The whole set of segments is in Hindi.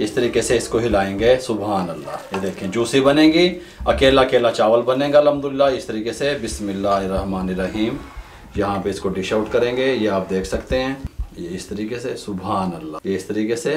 इस तरीके से इसको हिलाएंगे सुबहान अल्लाह ये देखें जूसी बनेगी अकेला अकेला चावल बनेगा अलहमदिल्ला इस तरीके से बिसमीम यहाँ पे इसको डिश आउट करेंगे ये आप देख सकते हैं ये इस तरीके से सुबहान अल्लाह ये इस तरीके से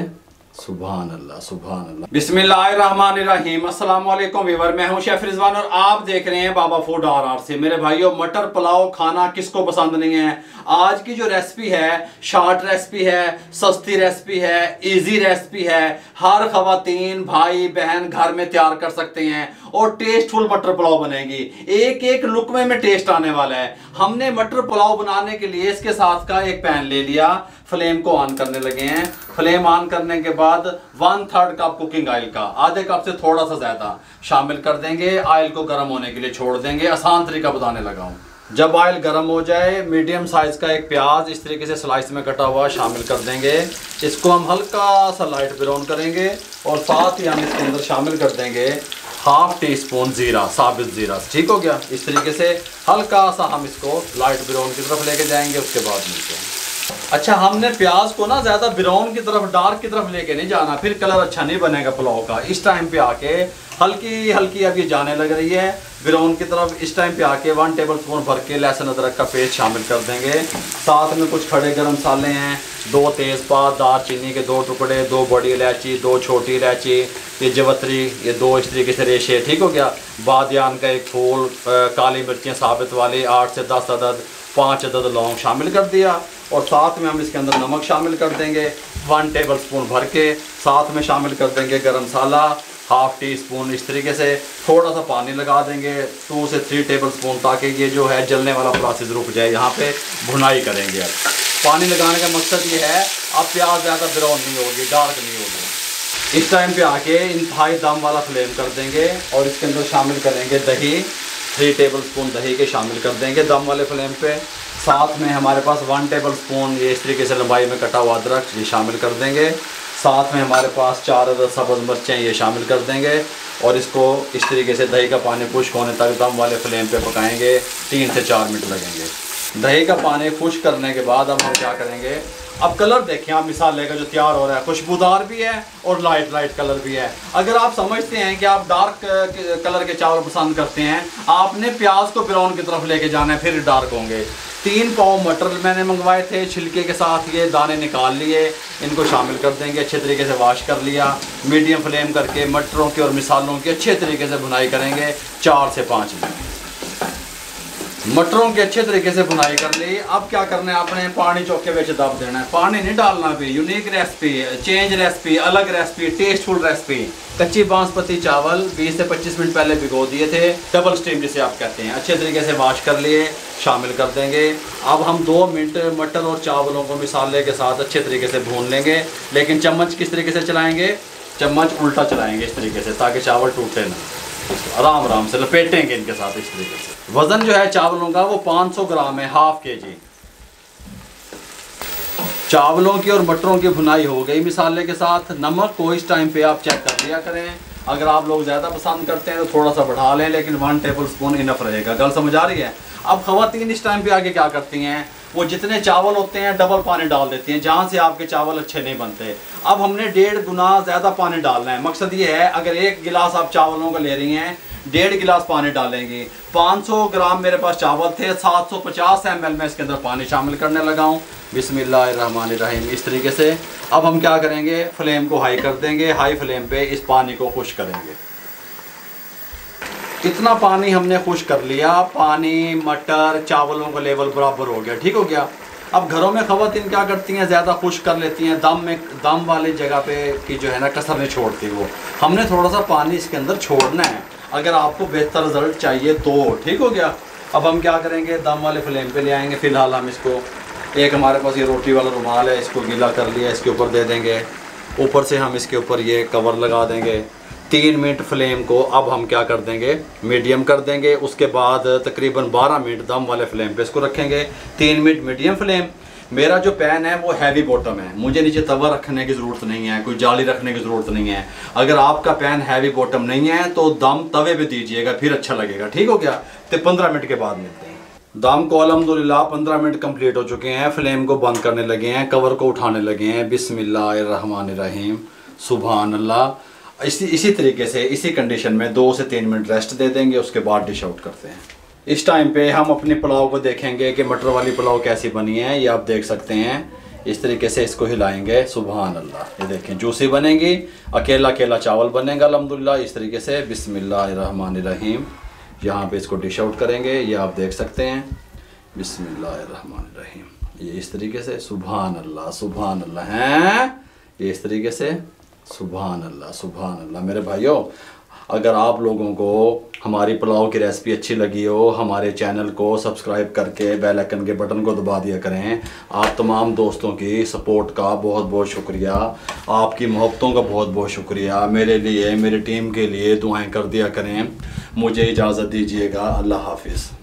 रिजवान और आप देख रहे हैं बाबा फूड आर आर से मेरे भाइयों मटर पुलाव खाना किसको पसंद नहीं है आज की जो रेसिपी है शॉर्ट रेसिपी है सस्ती रेसिपी है इजी रेसिपी है हर खातन भाई बहन घर में तैयार कर सकते हैं और टेस्टफुल मटर पुलाव बनेगी एक एक लुकमे में टेस्ट आने वाला है हमने मटर पुलाव बनाने के लिए इसके साथ का एक पैन ले लिया फ्लेम को ऑन करने लगे हैं फ्लेम ऑन करने के बाद one third cup cooking oil का आधे कप से थोड़ा सा ज़्यादा शामिल कर देंगे ऑयल को गर्म होने के लिए छोड़ देंगे आसान तरीका बताने लगा हूँ जब ऑयल गर्म हो जाए मीडियम साइज़ का एक प्याज इस तरीके से स्लाइस में कटा हुआ शामिल कर देंगे इसको हम हल्का सा लाइट ब्राउन करेंगे और साथ ही हम इसके अंदर शामिल कर देंगे हाफ टी स्पून ज़ीरा साबित ज़ीरा ठीक हो गया इस तरीके से हल्का सा हम इसको लाइट ब्राउन की तरफ लेके जाएंगे उसके बाद मिलते हैं अच्छा हमने प्याज को ना ज़्यादा ब्राउन की तरफ डार्क की तरफ लेके नहीं जाना फिर कलर अच्छा नहीं बनेगा पुलाव का इस टाइम पे आके हल्की हल्की अब ये जाने लग रही है ब्राउन की तरफ इस टाइम पे आके वन टेबल स्पून भर के लहसुन अदरक का पेस्ट शामिल कर देंगे साथ में कुछ खड़े गर्म मसाले हैं दो तेज़पात दालचीनी के दो टुकड़े दो बड़ी इलायची दो छोटी इलायची ये जवतरी ये दो इस तरीके से रेशे ठीक हो गया बादन का एक फूल काली मिर्चियाँ साबित वाली आठ से दस अदद पाँच अदद लौंग शामिल कर दिया और साथ में हम इसके अंदर नमक शामिल कर देंगे वन टेबल स्पून भर के साथ में शामिल कर देंगे गर्म मसाला हाफ टी स्पून इस तरीके से थोड़ा सा पानी लगा देंगे टू से थ्री टेबल स्पून ताकि ये जो है जलने वाला प्रोसेस रुक जाए यहाँ पे भुनाई करेंगे अब पानी लगाने का मकसद ये है अब प्याज ज़्यादा ब्राउन नहीं होगी डार्क नहीं होगी इस टाइम पे आके इन हाई दाम वाला फ्लेम कर देंगे और इसके अंदर शामिल करेंगे दही थ्री टेबल स्पून दही के शामिल कर देंगे दम वाले फ्लेम पे साथ में हमारे पास वन टेबल स्पून ये इस तरीके से लंबाई में कटा हुआ अदरक ये शामिल कर देंगे साथ में हमारे पास चार अदर सब्ज़ मिर्चें ये शामिल कर देंगे और इसको इस तरीके से दही का पानी खुश्क होने तक दम वाले फ्लेम पे पकाएंगे तीन से चार मिनट लगेंगे दही का पानी खुश करने के बाद अब हम क्या करेंगे अब कलर देखें आप मिसाले का जो तैयार हो रहा है खुशबूदार भी है और लाइट लाइट कलर भी है अगर आप समझते हैं कि आप डार्क uh, कलर के चावल पसंद करते हैं आपने प्याज को ब्राउन की तरफ लेके जाना है फिर डार्क होंगे तीन पाव मटर मैंने मंगवाए थे छिलके के साथ ये दाने निकाल लिए इनको शामिल कर देंगे अच्छे तरीके से वाश कर लिया मीडियम फ्लेम करके मटरों की और मिसालों की अच्छे तरीके से बुनाई करेंगे चार से पाँच मिनट मटरों की अच्छे तरीके से बुनाई कर ली अब क्या करना है आपने पानी चौके बेच दब देना है पानी नहीं डालना भी यूनिक रेसिपी चेंज रेसिपी अलग रेसिपी टेस्टफुल रेसिपी कच्ची बांसपति चावल 20 से 25 मिनट पहले भिगो दिए थे डबल स्टीम जिसे आप कहते हैं अच्छे तरीके से वाश कर लिए शामिल कर देंगे अब हम दो मिनट मटर और चावलों को मिसाले के साथ अच्छे तरीके से भून लेंगे लेकिन चम्मच किस तरीके से चलाएँगे चम्मच उल्टा चलाएँगे इस तरीके से ताकि चावल टूटे ना इसको आराम आराम से लपेटेंगे इनके साथ इस तरीके से वज़न जो है चावलों का वो 500 ग्राम है हाफ के जी चावलों की और मटरों की भुनाई हो गई मिसाले के साथ नमक को इस टाइम पे आप चेक कर लिया करें अगर आप लोग ज़्यादा पसंद करते हैं तो थोड़ा सा बढ़ा लें लेकिन वन टेबल स्पून इनफ रहेगा गल समझ आ रही है अब खातन इस टाइम पे आगे क्या करती हैं वो जितने चावल होते हैं डबल पानी डाल देते हैं जहाँ से आपके चावल अच्छे नहीं बनते अब हमने डेढ़ गुना ज़्यादा पानी डालना है मकसद ये है अगर एक गिलास आप चावलों का ले रही हैं डेढ़ गिलास पानी डालेंगे 500 ग्राम मेरे पास चावल थे 750 एमएल में इसके अंदर पानी शामिल करने लगा हूँ रहीम इस तरीके से अब हम क्या करेंगे फ्लेम को हाई कर देंगे हाई फ्लेम पे इस पानी को खुश करेंगे इतना पानी हमने खुश कर लिया पानी मटर चावलों का लेवल बराबर हो गया ठीक हो गया अब घरों में ख़वान क्या करती हैं ज़्यादा खुश कर लेती हैं दम में दम वाली जगह पे की जो है ना कसर नहीं छोड़ती वो हमने थोड़ा सा पानी इसके अंदर छोड़ना है अगर आपको बेहतर रिजल्ट चाहिए तो ठीक हो गया अब हम क्या करेंगे दम वाले फ्लेम पे ले आएंगे फ़िलहाल हम इसको एक हमारे पास ये रोटी वाला रुमाल है इसको गीला कर लिया इसके ऊपर दे देंगे ऊपर से हम इसके ऊपर ये कवर लगा देंगे तीन मिनट फ्लेम को अब हम क्या कर देंगे मीडियम कर देंगे उसके बाद तकरीबन 12 मिनट दम वाले फ्लेम पे इसको रखेंगे तीन मिनट मीडियम फ्लेम मेरा जो पैन है वो हैवी बॉटम है मुझे नीचे तवा रखने की ज़रूरत नहीं है कोई जाली रखने की ज़रूरत नहीं है अगर आपका पैन हैवी बॉटम नहीं है तो दम तवे पर दीजिएगा फिर अच्छा लगेगा ठीक हो गया तो पंद्रह मिनट के बाद मिलते हैं दाम को अलहमदिल्ला पंद्रह मिनट कंप्लीट हो चुके हैं फ्लेम को बंद करने लगे हैं कवर को उठाने लगे हैं बिसमिल्लर रहीम सुबहान अल्लाह इसी इसी तरीके से इसी कंडीशन में दो से तीन मिनट रेस्ट दे देंगे उसके बाद डिश आउट करते हैं इस टाइम पे हम अपने पुलाव को देखेंगे कि मटर वाली पुलाव कैसी बनी है ये आप देख सकते हैं इस तरीके से इसको हिलाएंगे सुबह अल्लाह ये देखें जूसी बनेगी अकेला अकेला चावल बनेगा अलहमदिल्ला इस तरीके से रहीम यहाँ पे इसको डिश आउट करेंगे ये आप देख सकते हैं बिसमिल्लाम ये इस तरीके से सुबह अल्लाह सुबह अल्लाह हैं ये इस तरीके से सुबह अल्लाह सुबह अल्लाह मेरे भाइयों अगर आप लोगों को हमारी पुलाव की रेसिपी अच्छी लगी हो हमारे चैनल को सब्सक्राइब करके बेल आइकन के बटन को दबा दिया करें आप तमाम दोस्तों की सपोर्ट का बहुत बहुत शुक्रिया आपकी मोहब्बतों का बहुत बहुत शुक्रिया मेरे लिए मेरी टीम के लिए दुआएं कर दिया करें मुझे इजाज़त दीजिएगा अल्लाह हाफिज़